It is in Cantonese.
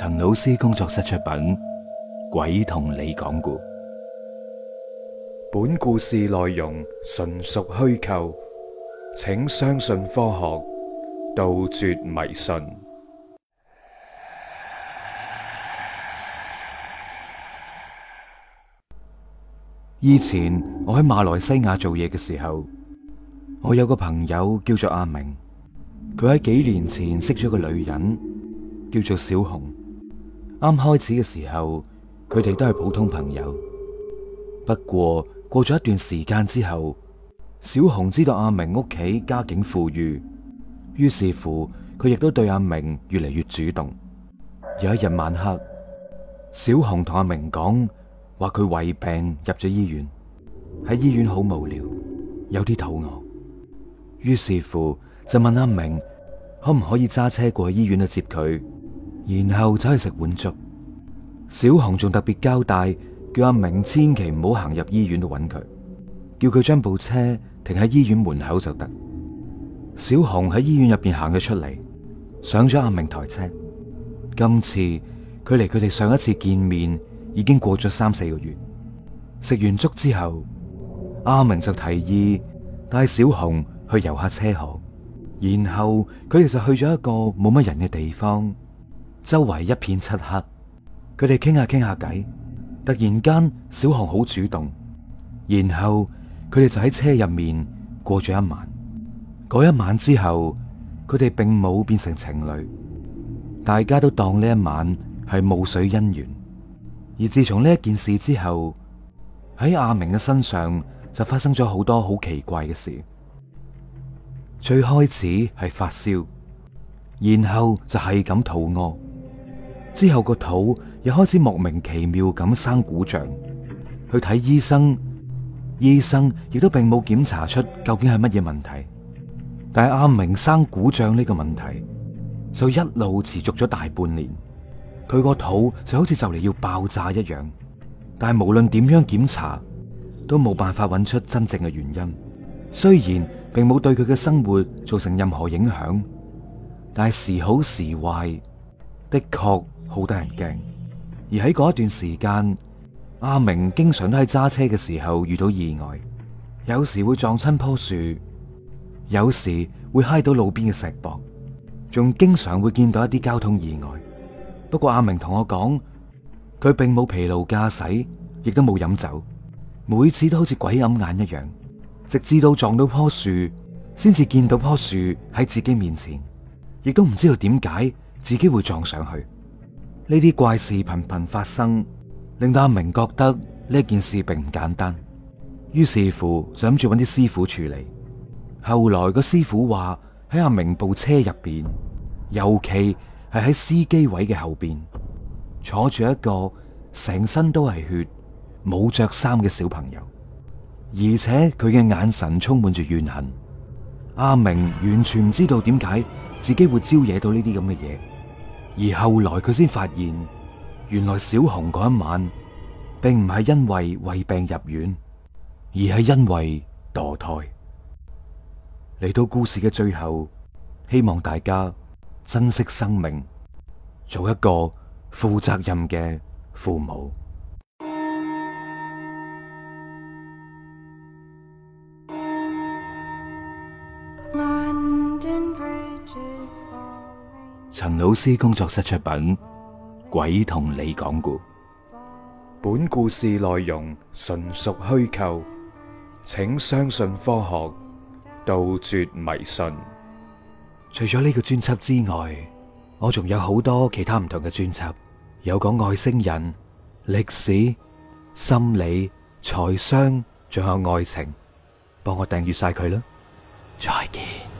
陳老師工作室出品《鬼同你講故》，本故事內容純屬虛構，請相信科學，杜絕迷信。以前我喺馬來西亞做嘢嘅時候，我有個朋友叫做阿明，佢喺幾年前識咗個女人，叫做小紅。啱開始嘅時候，佢哋都係普通朋友。不過過咗一段時間之後，小紅知道阿明屋企家境富裕，於是乎佢亦都對阿明越嚟越主動。有一日晚黑，小紅同阿明講，話佢胃病入咗醫院，喺醫院好無聊，有啲肚餓，於是乎就問阿明可唔可以揸車過去醫院去接佢。然後走去食碗粥。小紅仲特別交代，叫阿明千祈唔好行入醫院度揾佢，叫佢將部車停喺醫院門口就得。小紅喺醫院入邊行咗出嚟，上咗阿明台車。今次佢離佢哋上一次見面已經過咗三四個月。食完粥之後，阿明就提議帶小紅去遊下車河，然後佢哋就去咗一個冇乜人嘅地方。周圍一片漆黑，佢哋傾下傾下偈。突然間，小紅好主動，然後佢哋就喺車入面過咗一晚。嗰一晚之後，佢哋並冇變成情侶，大家都當呢一晚係露水姻緣。而自從呢一件事之後，喺阿明嘅身上就發生咗好多好奇怪嘅事。最開始係發燒，然後就係咁肚餓。之後個肚又開始莫名其妙咁生鼓脹，去睇醫生，醫生亦都並冇檢查出究竟係乜嘢問題。但係阿明生鼓脹呢個問題就一路持續咗大半年，佢個肚就好似就嚟要爆炸一樣。但係無論點樣檢查，都冇辦法揾出真正嘅原因。雖然並冇對佢嘅生活造成任何影響，但係時好時壞，的確。好得人驚，而喺嗰一段時間，阿明經常都喺揸車嘅時候遇到意外，有時會撞親棵樹，有時會嗨到路邊嘅石壆，仲經常會見到一啲交通意外。不過阿明同我講，佢並冇疲勞駕駛，亦都冇飲酒，每次都好似鬼揞眼一樣，直至到撞到棵樹，先至見到棵樹喺自己面前，亦都唔知道點解自己會撞上去。呢啲怪事頻頻發生，令到阿明覺得呢件事並唔簡單，於是乎想住揾啲師傅處理。後來個師傅話喺阿明部車入邊，尤其係喺司機位嘅後邊，坐住一個成身都係血、冇着衫嘅小朋友，而且佢嘅眼神充滿住怨恨。阿明完全唔知道點解自己會招惹到呢啲咁嘅嘢。而後來佢先發現，原來小紅嗰一晚並唔係因為胃病入院，而係因為墮胎。嚟到故事嘅最後，希望大家珍惜生命，做一個負責任嘅父母。陳老師工作室出品《鬼同你講故》，本故事內容純屬虛構，請相信科學，杜絕迷信。除咗呢個專輯之外，我仲有好多其他唔同嘅專輯，有講外星人、歷史、心理、財商，仲有愛情。幫我訂閱晒佢啦！再見。